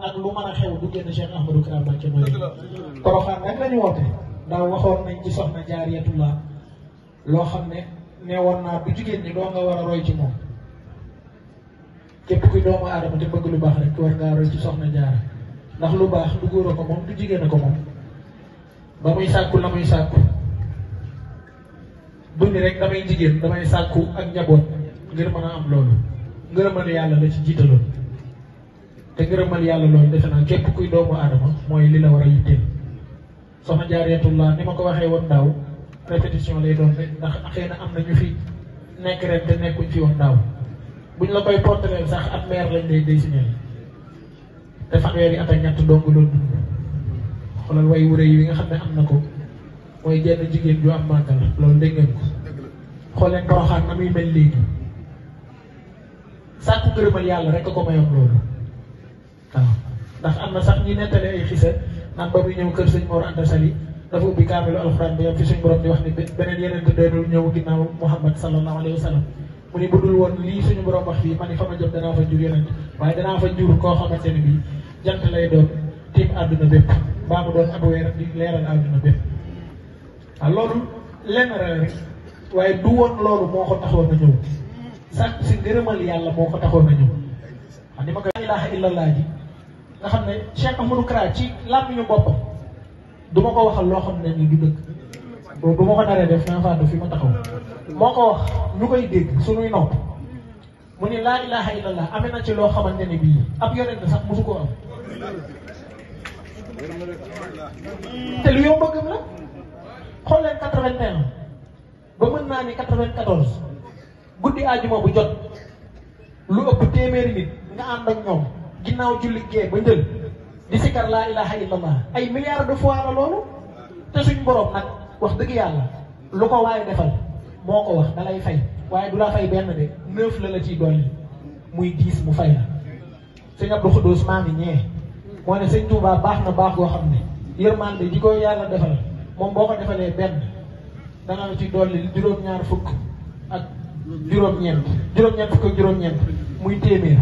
ak lu mën a xew du génn Cheikh Ahmadou Kara Mbacké mooy Porokhane nag la ñu woote daaw waxoon nañ ci soxna Jaariyatullah loo xam ne neewoon naa bu jigéen ñi doo nga war a roy ci moom képp kuy doomu aadama te bëgg lu baax rek war ngaa roy ci soxna jaara ndax lu baax du góor a ko moom du jigéen a ko moom ba muy sàkku la muy sàkku bu ni rek damay jigéen damay sàkku ak njaboot ngir mën a am loolu ngërëmal yàlla la ci jiitaloo te ngërëmal yàlla loolu defe naa képp kuy doomu aadama mooy li la war a yitteel soxna jaareetullah ni ma ko waxee woon daaw répétition lay doon rek ndax xëy na am na ñu fi nekk ren te nekkuñ ci woon daaw buñ la koy portéleel sax ab meer lañ lay dessiné te fanweeri at ak ñett dong doon dund xoolal way wure yi nga xam ne am na ko mooy jenn jigéen ju am màggal loolu dégg ngeen ko xooleen poroxaan na muy mel léegi sàkku ngërëmal yàlla rek a ko mayoon loolu ndax nah, am na sax ñi nettali ay xisa naan ba muy ñëw kër sëñ Mor Anta Sali dafa ubbi kaamilu alxuraan bi yam fi suñ borom di wax ni beneen yeneen te doonul ñëw ginnaaw Muhammad sallallahu alayhi wa sallam mu ni bu dul woon lii suñu borom wax fii ma ni fa ma jot danaa fa jur yeneen waaye danaa fa jur koo xamante ne bii jant lay doon tiim àdduna bépp baa mu doon ab weer di leeral àdduna bépp waaw loolu lenn rek waaye du woon loolu moo ko taxoon na ñëw sax si ngërëmal yàlla moo ko taxoon na ñëw xam ni ma ko ilaha illallah ji nga xam ne Cheikh Amadou Kra ci làmmiñu boppam du ma ko waxal loo xam ne ni du dëgg boobu bu ma ko naree def naa fàddu fi ma taxaw moo ko wax ñu koy dégg suñuy nopp mu ni laa ilaha illallah amee na ci loo xamante ne bii ab yonent sax mosu ko am te lu yow bëggam la xool leen quatre-vingt-un ba mën naa ni quatre-vingt-quatorze guddi àjjuma bu jot lu ëpp téeméeri nit nga ànd ak ñoom ginnaaw julli gee ba njël di sikar laa ilaha illallah ay milliards de fois la loolu te suñ borom nag wax dëgg yàlla lu ko waaye defal moo ko wax da lay fay waaye du la fay benn de neuf la la ciy dolli muy dix mu fay la sëñ Abdou Khoudous maa ngi ñee moo ne sëñ Touba baax na baax goo xam ne yërmande ji ko yàlla defal moom boo ko defalee benn dana la ci dolli juróom-ñaar fukk ak juróom-ñeent juróom-ñeent fukk ak juróom-ñeent muy téeméer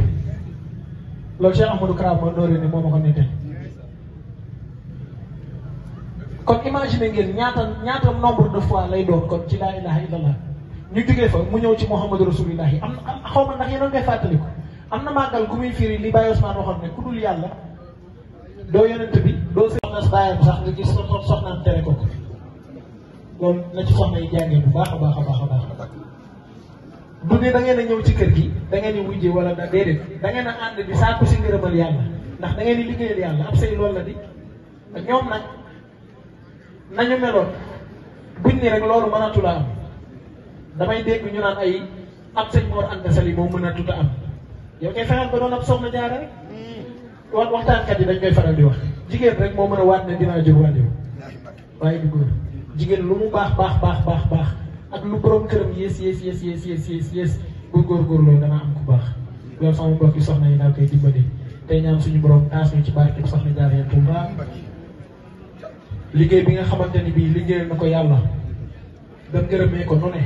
loolu Cheikh Amadou Kara mooy dooree ni moo ma ko nii tey kon imagine ngeen ñaata ñaata nombre de fois lay doon kon ci laa ilaha illallah ñu jógee fa mu ñëw ci Muhammadu Rasulullah yi am na xaw ma ndax yéen a ngi koy fàttaliku am na màggal gu muy firi li Baye Ousmane waxoon ne ku dul yàlla doo yonent bi doo soxna baayam sax nga gis soxnaam tere ko loolu na ci soxna yi jàngee bu baax a baax a baax a baax. bu dee da ngeen a ñëw ci kër gi da ngeen di wujje wala da déedéet da ngeen a ànd di sàkku si ngërëmal yàlla ndax da ngeen di liggéeyal yàlla ab say loolu la di ñoom nag nañu meloon buñ ni rek loolu mënatula am damay dégg ñu naan ay ab sëñ moor anta sali moom mënatuta am yow kay fexeel ba doon ab soxna jaara rek wan kat yi dañ koy faral di wax jigéen rek moo mën a waat ne dinaa jóg wàllu waaye du góor jigéen lu mu baax baax baax baax baax ak lu borom kërëm Yes Yes Yes Yes Yes yes yes bu lo dana am ku bax lo sama mbokk yi soxna yi daal koy dimbali tay ñaan suñu borom taas ñu ci barke soxna jaaree Touba liggey bi nga ya xamanteni bi liggey liggéeyal na ko yàlla ba ngërëmee ko noné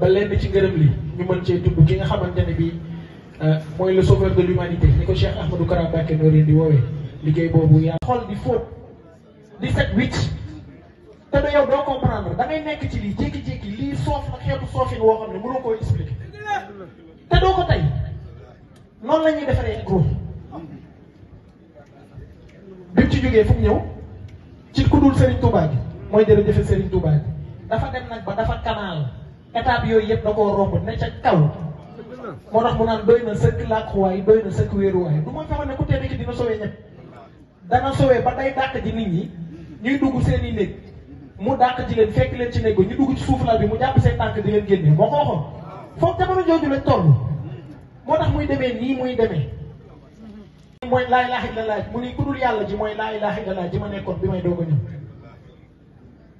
ba lenn ci ngërëm li ñu mën ci tuddu ki nga xamanteni bi moy le sauveur de l'humanité ni ko Cheikh Ahmadou Kara Mbacké Noreyni di woowee liggéey boobu yaa xol di fóot di set wicc da do yow do comprendre da ngay nekk ci li jékki-jékki soof nag xeetu soofin woo xam ne mënoo koo expliquer te doo ko tey noonu la defaree ak ruux bi ci jógee fu ñëw ci ku dul Serigne Touba gi mooy jërëjëf Serigne Touba gi dafa dem nag ba dafa kanaal étape yooyu yëpp da koo romb ne ca kaw moo tax mu naan doy na sëkk làkkuwaay doy na sëkk wéeruwaay du ma fexe ne ku tedd ki dina sowee ñëpp dana sowee ba tey dàq ji nit ñi ñuy dugg seen i néeg mu dàq ci leen fekk leen ci néeg ñu dugg ci suuf lal bi mu jàpp seen tànk di leen génne moo ko waxoon foofu jamono jooju lañ toll moo tax muy demee nii muy demee mooy laa ilaaha illallaah mu ni ku dul yàlla ji mooy laa ilaaha illallaah ji ma nekkoon bi may doog a ñëw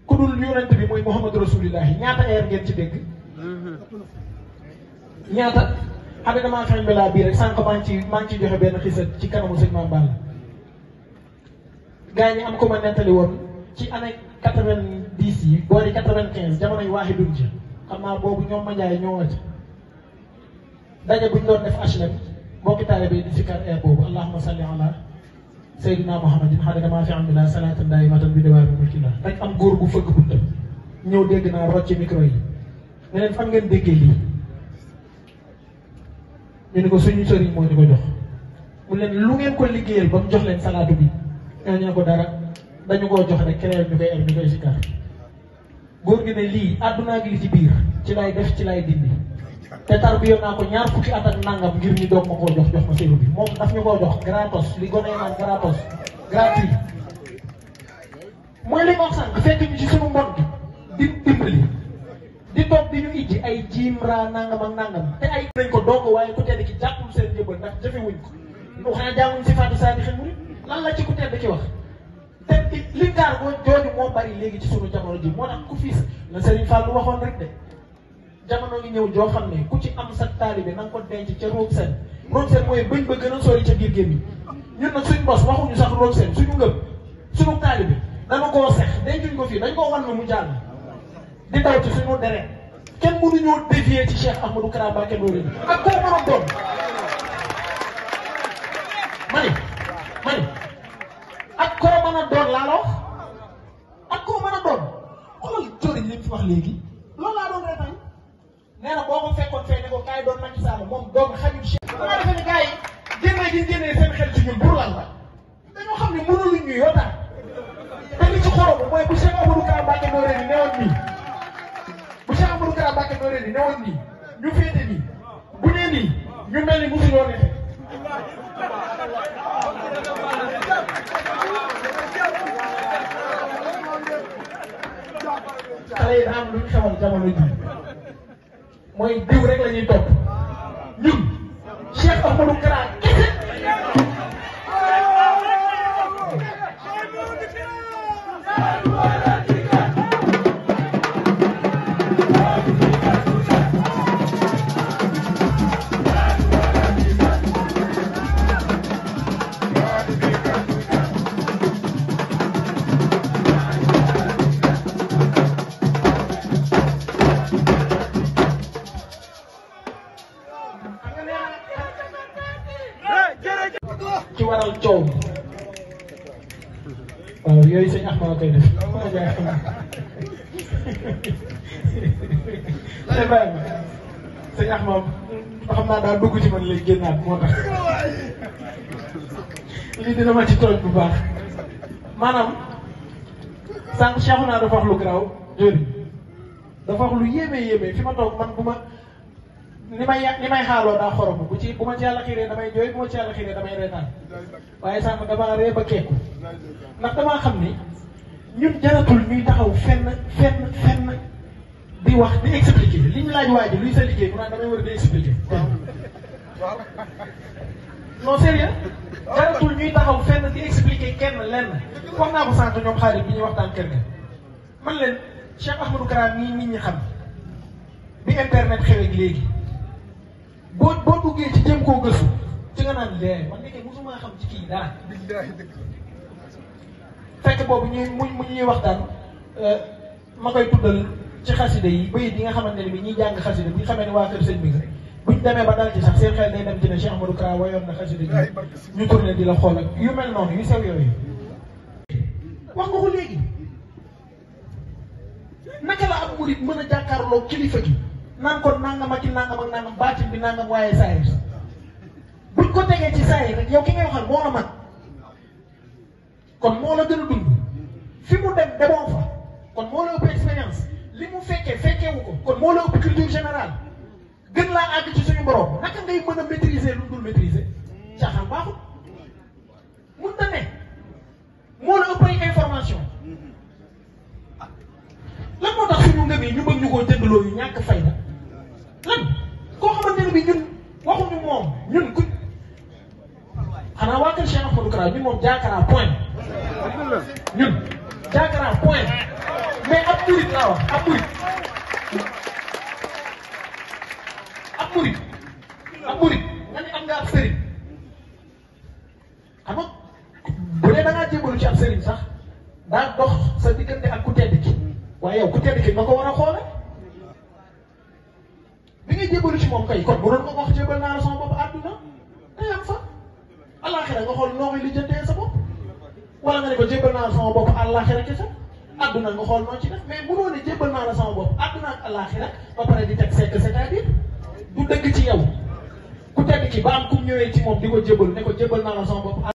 ku dul yonent bi mooy Muhammad rasulillahi ñaata eer ngeen ci dégg ñaata xam ne damaa xañ balaa bii rek sànq maa ngi ci maa ngi ciy joxe benn xisa ci kanamu sëñ Mame Balla gaa ñi am ko ma nettali woon ci année quatre vingt dix yi boori quatre vingt quinze jamonoy waaxi ji xam boobu ñoom manjaay ñoo wàcc daje buñ doon def HLM mbokki taalibe yi di sikkar air boobu allahuma salli ala sayyidina muhammadin xadada maa fi am bila salaatan daayimatan bi dawaami mulkillah rek am góor bu fëgg bunta ñëw dégg naa rocc micro yi ne leen fan ngeen déggee lii ñu ne ko suñu sëriñ moo ñu ko jox mu leen lu ngeen ko liggéeyal ba mu jox leen salaatu bi ñoo ñu ko dara dañu ko jox rek keneen ñu koy ak ñu koy si kar gi ne li aduna gi ci biir ci lay def ci lay dindi té te tarbiyo naa ko ñaar fukki at ak nangam ngir ñu doog mako jox jox ma séeru bi mom daf ñu ko jox gratos li gone man gratos gratuit moy li ma wax sànq fekk ñu ci suñu mbon di dimbali di top di ñu ijji ay jim ra nangam ak nangam té ay dañ ko doog waye ku tedd ci jàppul seen jëbël ndax jëfé wuñ ko ñu xana jaamu ci Fatou Sadi xel mu lan la ci ku tedd ci wax te li gaar boo jooju moo bari léegi ci suñu jamono ji moo tax ku fiis na Serigne Fallou waxoon rek de jamono ngi ñëw joo xam ne ku ci am sa taalibe na nga ko denc ca roog seen roog seen mooy bëñ ba gën a sori ca biir gémmiñ ñun nag suñ bos waxuñu sax roog seen suñu ngëm suñu taalibe dama koo sex dencuñ ko fii dañ koo wan mu jàll di daw ci suñu deret kenn mënuñoo dévier ci Cheikh Ahmadou Kara Mbacké Noreyni ak koo mën a doon ma ne ma ne ak koo mën a doon laa la ak koo mën a doon xoolal jëriñ li mu fi wax léegi doon reetaan nee fekkoon fee ko kaay doon Macky moom doon xajul chef. bu génne gi génne seen xel ci ñun pour lan la dañoo xam ne mënuluñ ñu yotaan te li ci xorom mooy bu Cheikh Amadou Kara Mbacké Noreyni newoon nii bu Cheikh nii ñu féete nii bu nii ñu mel ni mosu ñoo ne. xale yi am luñ jamono ji mooy diw rek la ñuy ñun Cheikh ak coow waaw yooyu sëñ Axmad koy def sëñ Baye sëñ Axmad xam naa daal dugg ci man léegi génnaat moo tax lii dina ma ci tooj bu baax maanaam sànq Cheikh naa dafa wax lu garaaw jori dafa wax lu yéeme yéeme fi ma man bu ni may ni may xaaroo daa xorom bu ci bu ma ci yàlla xiiree damay jooy bu ma ci yàlla xiiree damay reetaan waaye sànq damaa ree ba keeku ndax damaa xam ni ñun jaratul ñuy taxaw fenn fenn fenn di wax di expliquer li ñu laaj waa ji luy sa liggéey mu naan damay war a di expliquer non sérieux jaratul ñuy taxaw fenn di expliquer kenn lenn wax naa ko sant ñoom xaalis bi ñuy waxtaan kër ga man leen Cheikh Ahmadou Kara nii nit ñi xam bi internet xewee léegi boo boo duggee ci jëm koo gëstu ci nga naan lee man nekkee mosuma xam ci kii dara. billahi dëgg fekk boobu ñuy mu ñuy waxtaan euh, ma koy tuddal ci xaside yi bayit yi nga xamante ne bi ñuy jàng xaside bu ñu xamee ne waa kër sëñ bi nga buñ demee ba dal ci sax seen xel day dem ci ne Cheikh Amadou Kara wayoon na xaside bi ñu tourné di la xool ak yu mel noonu yu sew yooyu. wax nga ko léegi naka la am murit mën a jàkkaarloo kilifa gi. nan ko nangam ak nangam ak nangam baatin bi nangam waaye saayir buñ ko tegee ci saayir rek yow ki ngay waxal moo la mag kon moo la gën dund fi mu dem demoo fa kon moo la ëpp expérience li mu fekkee fekkeewu ko kon moo la ëpp culture générale gën laa àgg ci suñu borom naka ngay mën a maîtriser lu dul maîtriser caaxaan baaxul mun na moo la ëpp information lan moo tax suñu ngëm yi ñu bëgg ñu koo jëndloo yu ñàkk fayda moom jaakara point ñun jaakara point mais ab murit laa wax ab murit moo koy lijjantee sa bopp wala nga ne ko jébbal naa sama bopp àllaaxira kese àdduna nga xool noo ci def mais mënoo ne jébbal naa la sama bopp àdduna ak àllaaxira ba pare di teg sekk c'est-à-dire du dëgg ci yow ku teg ci ba am ku ñëwee ci moom di ko jébbal ne ko jébbal naa la sama bopp